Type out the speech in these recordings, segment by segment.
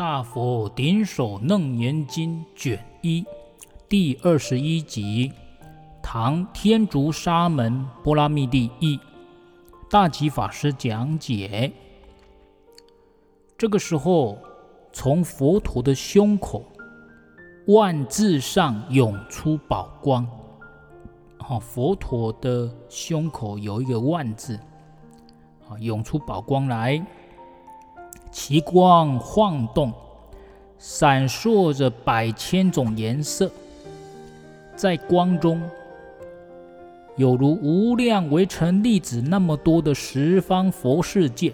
大佛頂首楞嚴經卷一第二十一集，唐天竺沙門波拉蜜帝一大寂法師講解。這個時候，從佛陀的胸口萬字上湧出寶光。啊、哦，佛陀的胸口有一個萬字，啊，湧出寶光來。其光晃動，閃爍着百千種顏色，在光中，有如無量微塵粒子那麼多的十方佛世界，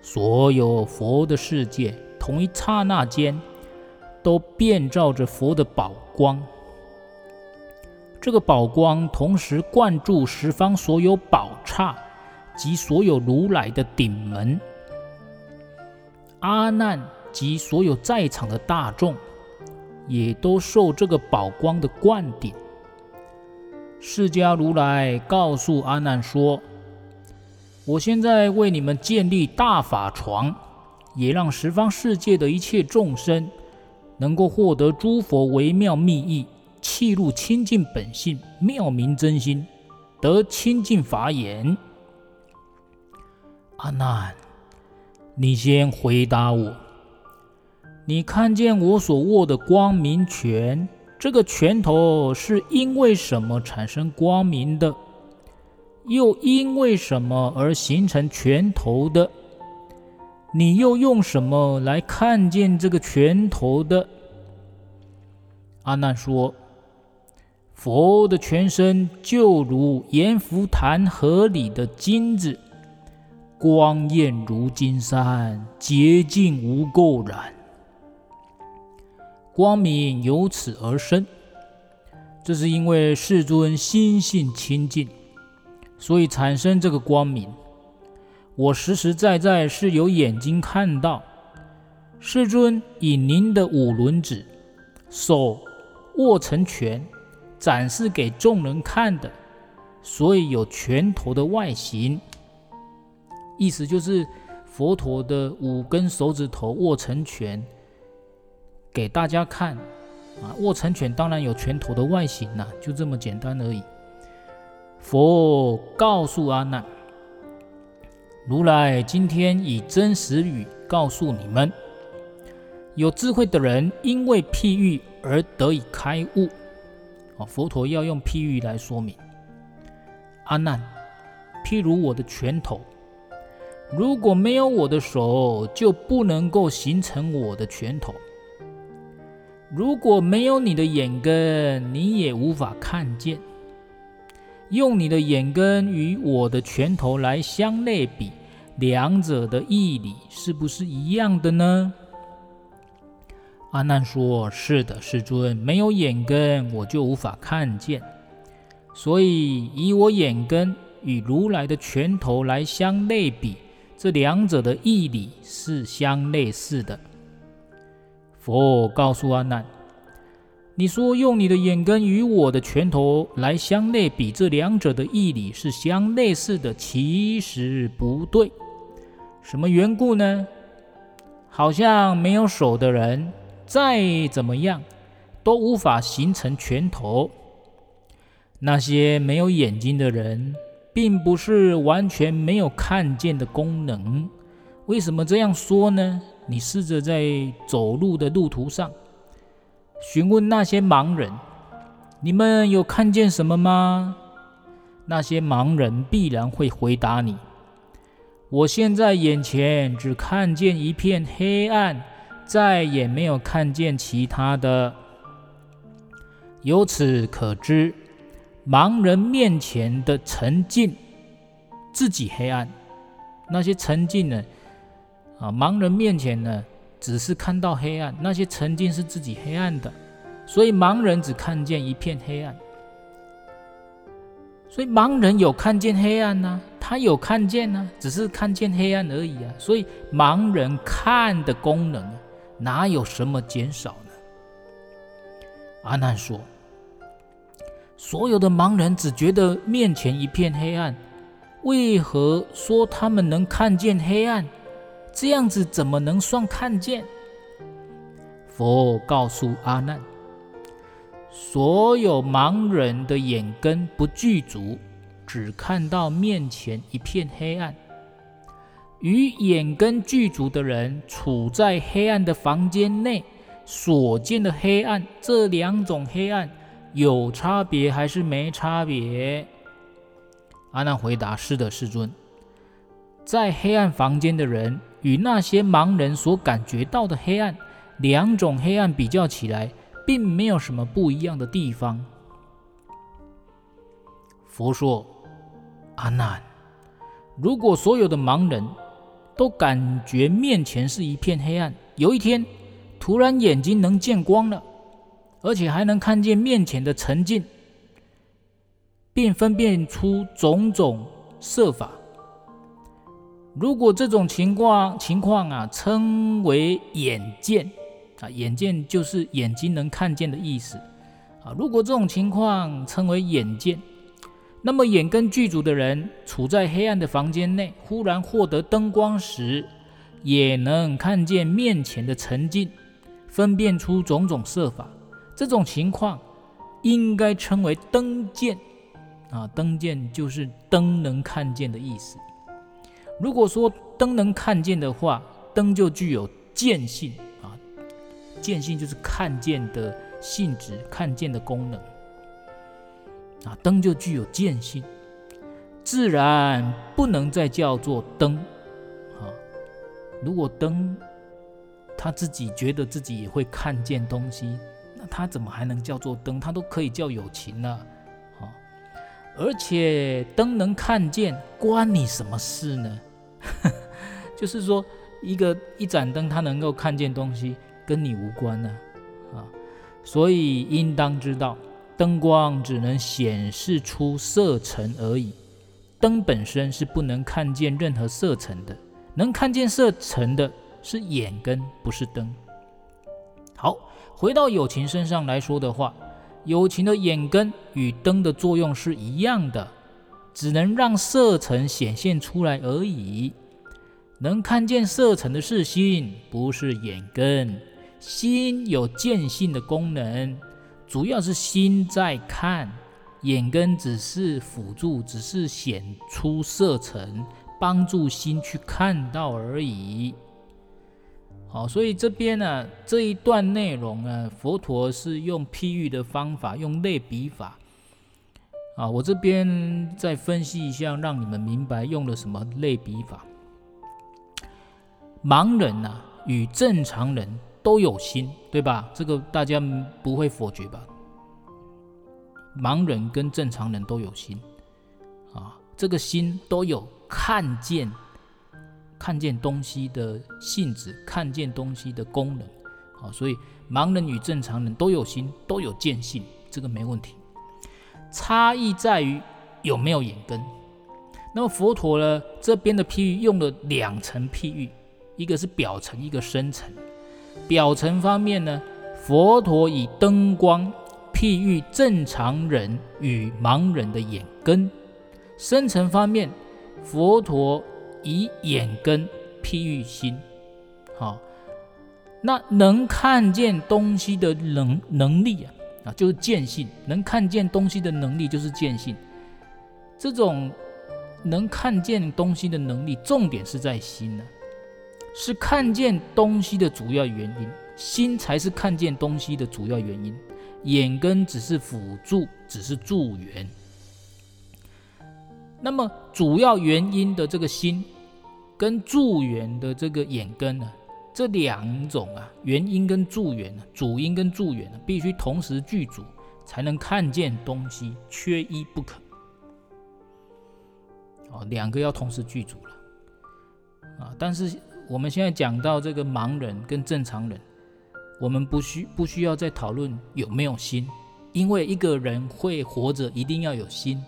所有佛的世界，同一剎那間，都遍照着佛的寶光。這個寶光同時灌注十方所有寶剎及所有如來的頂門。阿難及所有在場的大眾，也都受這個寶光的灌頂。釋迦如來告訴阿難說：“我現在為你們建立大法幢，也讓十方世界的一切眾生，能夠獲得諸佛微妙密意，契入清淨本性，妙明真心，得清淨法眼。”阿難。你先回答我：你看見我所握的光明拳，這個拳頭是因為什麼產生光明的？又因為什麼而形成拳頭的？你又用什麼來看見這個拳頭的？阿難說：佛的全身就如閻浮檀河裡的金子。光焰如金山，潔淨無垢染。光明由此而生，這是因為世尊心性清淨，所以產生這個光明。我實實在在是有眼睛看到，世尊以您的五輪指手握成拳，展示給眾人看的，所以有拳頭的外形。意思就是佛陀的五根手指頭握成拳給大家看啊，握成拳當然有拳頭的外形啦，啊，就這麼簡單而已。佛告訴阿難，如來今天以真實語告訴你們，有智慧的人因為譬喻而得以開悟。啊，佛陀要用譬喻來說明。阿難，譬如我的拳頭。如果沒有我的手，就不能夠形成我的拳頭；如果沒有你的眼根，你也無法看見。用你的眼根與我的拳頭來相類比，兩者的義理是不是一樣的呢？阿難說：“是的，世尊。沒有眼根，我就無法看見，所以以我眼根與如來的拳頭來相類比。”這兩者的義理是相類似的。佛告訴阿難：“你說用你的眼根與我的拳頭來相類比，這兩者的義理是相類似的，其實不對。什麼緣故呢？好像沒有手的人，再怎麼樣都無法形成拳頭；那些沒有眼睛的人。”並不是完全沒有看見的功能。為什麼這樣說呢？你試着在走路的路途上詢問那些盲人：“你們有看見什麼嗎？”那些盲人必然會回答你：“我現在眼前只看見一片黑暗，再也沒有看見其他的。”由此可知。盲人面前的塵境，自己黑暗；那些塵境呢？啊，盲人面前呢，只是看到黑暗；那些塵境是自己黑暗的，所以盲人只看見一片黑暗。所以盲人有看見黑暗呢、啊，他有看見呢、啊，只是看見黑暗而已啊。所以盲人看的功能，哪有什麼減少呢？阿難說。所有的盲人只覺得面前一片黑暗，為何說他們能看見黑暗？這樣子怎麼能算看見？佛告訴阿難，所有盲人的眼根不具足，只看到面前一片黑暗；與眼根具足的人處在黑暗的房間內所見的黑暗，這兩種黑暗，有差別還是沒差別？阿難回答：“是的，世尊。在黑暗房間的人與那些盲人所感覺到的黑暗，兩種黑暗比較起來，並沒有什麼不一樣的地方。”佛說：“阿難，如果所有的盲人都感覺面前是一片黑暗，有一天突然眼睛能見光了。”而且還能看見面前的塵境，並分辨出種種色法。如果這種情況情況啊，稱為眼見啊，眼見就是眼睛能看見的意思啊。如果這種情況稱為眼見，那麼眼根具足的人處在黑暗的房間內，忽然獲得燈光時，也能看見面前的塵境，分辨出種種色法。這種情況應該稱為燈見啊，燈見就是燈能看見的意思。如果說燈能看見的話，燈就具有見性啊，見性就是看見的性質、看見的功能啊，燈就具有見性，自然不能再叫做燈啊。如果燈他自己覺得自己也會看見東西。它怎麼還能叫做燈？它都可以叫有情呢？好，而且燈能看見，關你什麼事呢？ 就是說，一個一盞燈它能夠看見東西，跟你無關呢，啊，所以應當知道，燈光只能顯示出色塵而已，燈本身是不能看見任何色塵的，能看見色塵的是眼根，不是燈。好。回到友情身上來說的話，友情的眼根與燈的作用是一樣的，只能讓色塵顯現出來而已。能看見色塵的是心，不是眼根。心有見性的功能，主要是心在看，眼根只是輔助，只是顯出色塵，幫助心去看到而已。好，所以這邊呢、啊，這一段內容呢，佛陀是用譬喻的方法，用類比法。啊，我這邊再分析一下，讓你們明白用了什麼類比法。盲人吶、啊，與正常人都有心，對吧？這個大家不會否決吧？盲人跟正常人都有心，啊，這個心都有看見。看見東西的性質，看見東西的功能，好，所以盲人與正常人都有心，都有見性，這個沒問題。差異在於有沒有眼根。那麼佛陀呢？這邊的譬喻用了兩層譬喻，一個是表層，一個深層。表層方面呢，佛陀以燈光譬喻正常人與盲人的眼根；深層方面，佛陀。以眼根譬喻心，好，那能看見東西的能能力啊，啊，就是見性。能看見東西的能力就是見性。這種能看見東西的能力，重點是在心呢、啊，是看見東西的主要原因。心才是看見東西的主要原因，眼根只是輔助，只是助緣。那麼主要原因的這個心。跟助緣的這個眼根呢，啊，這兩種啊，原因跟助緣，啊，主因跟助緣，啊，必須同時具足才能看見東西，缺一不可。哦，兩個要同時具足了啊！但是我們現在講到這個盲人跟正常人，我們不需不需要再討論有沒有心，因為一個人會活着，一定要有心。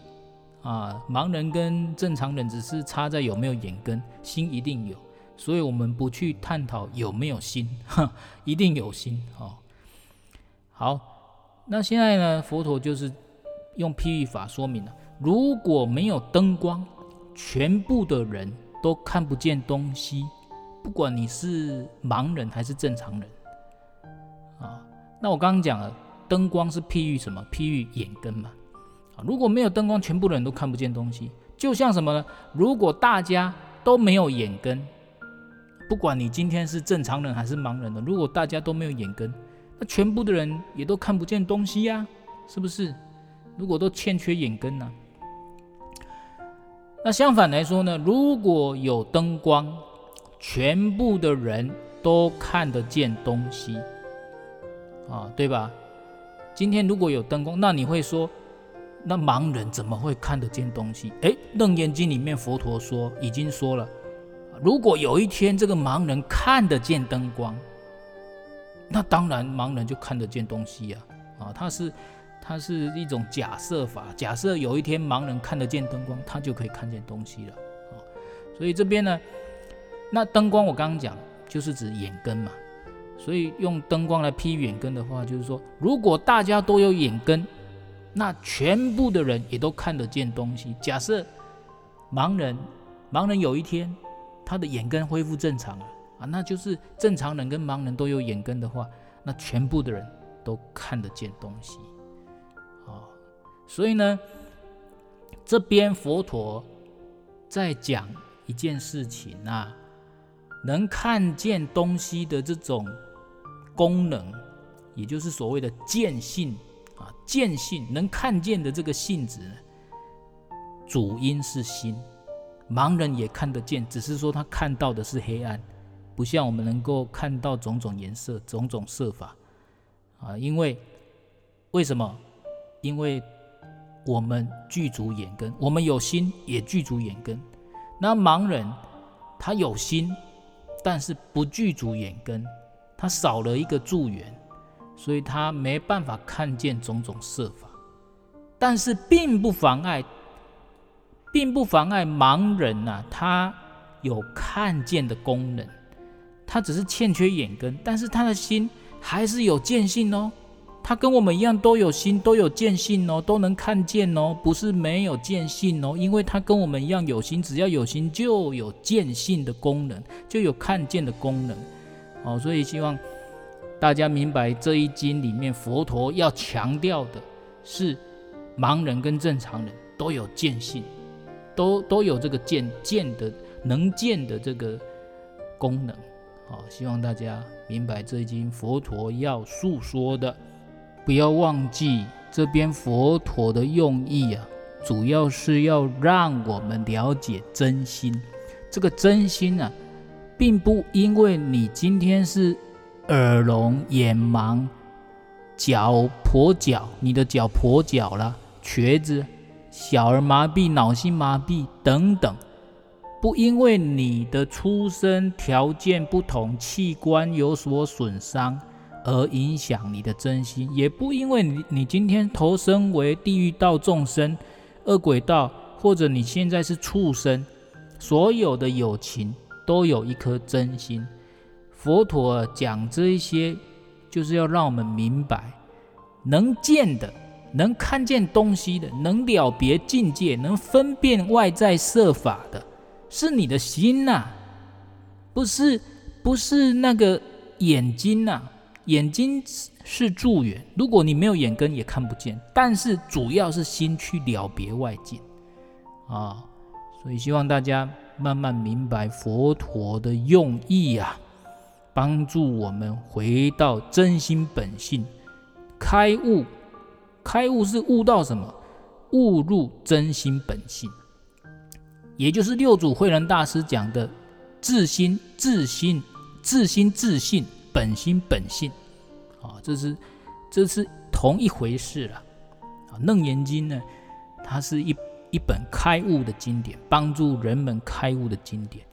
啊，盲人跟正常人只是差在有沒有眼根，心一定有，所以我們不去探討有沒有心，哼，一定有心哦。好，那現在呢，佛陀就是用譬喻法說明了，如果沒有燈光，全部的人都看不見東西，不管你是盲人還是正常人，啊，那我剛剛講了，燈光是譬喻什麼？譬喻眼根嘛。如果沒有燈光，全部的人都看不見東西，就像什麼呢？如果大家都沒有眼根，不管你今天是正常人還是盲人呢？如果大家都沒有眼根，那全部的人也都看不見東西呀，啊，是不是？如果都欠缺眼根呢，啊？那相反來說呢？如果有燈光，全部的人都看得見東西，啊，對吧？今天如果有燈光，那你會說？那盲人怎麼會看得見東西？誒，《楞嚴經》裡面佛陀說已經說了，如果有一天這個盲人看得見燈光，那當然盲人就看得見東西呀。啊，它是它是一種假設法，假設有一天盲人看得見燈光，他就可以看見東西了。啊，所以這邊呢，那燈光我剛剛講就是指眼根嘛，所以用燈光來譬喻眼根的話，就是說如果大家都有眼根。那全部的人也都看得見東西。假設盲人，盲人有一天他的眼根恢復正常了，啊，那就是正常人跟盲人都有眼根的話，那全部的人都看得見東西。啊，哦，所以呢，這邊佛陀在講一件事情啊，能看見東西的這種功能，也就是所謂的見性。見性能看見的這個性質，主因是心。盲人也看得見，只是說他看到的是黑暗，不像我們能夠看到種種顏色、種種色法啊。因為為什麼？因為我們具足眼根，我們有心也具足眼根。那盲人他有心，但是不具足眼根，他少了一個助緣。所以他沒辦法看見種種色法，但是並不妨礙，並不妨礙盲人吶、啊，他有看見的功能，他只是欠缺眼根，但是他的心還是有見性哦。他跟我們一樣都有心，都有見性哦，都能看見哦，不是沒有見性哦，因為他跟我們一樣有心，只要有心就有見性的功能，就有看見的功能。哦，所以希望。大家明白這一經裡面佛陀要強調的是，盲人跟正常人都有見性，都都有這個見見的能見的這個功能。好、哦，希望大家明白這一經佛陀要訴說的，不要忘記這邊佛陀的用意啊，主要是要讓我們了解真心。這個真心啊，並不因為你今天是。耳聾、眼盲、腳跛腳，你的腳跛腳了，瘸子；小兒麻痹、腦性麻痺等等，不因為你的出生條件不同，器官有所損傷而影響你的真心，也不因為你你今天投生為地獄道眾生、餓鬼道，或者你現在是畜生，所有的有情都有一顆真心。佛陀講這一些，就是要讓我們明白，能見的、能看見東西的、能了別境界、能分辨外在色法的，是你的心吶、啊，不是不是那個眼睛吶、啊。眼睛是助緣，如果你沒有眼根也看不見。但是主要是心去了別外境啊，所以希望大家慢慢明白佛陀的用意啊。幫助我們回到真心本性，開悟，開悟是悟到什麼？悟入真心本性，也就是六祖慧能大師講的自心、自心自心自性本心本性，啊、哦，這是，這是同一回事了。啊，《楞嚴經》呢，它是一一本開悟的經典，幫助人們開悟的經典。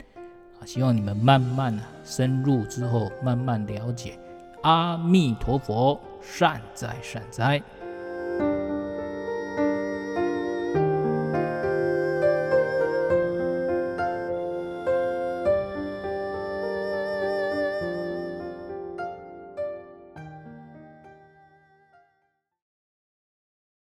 希望你們慢慢深入之後，慢慢了解。阿彌陀佛，善哉善哉。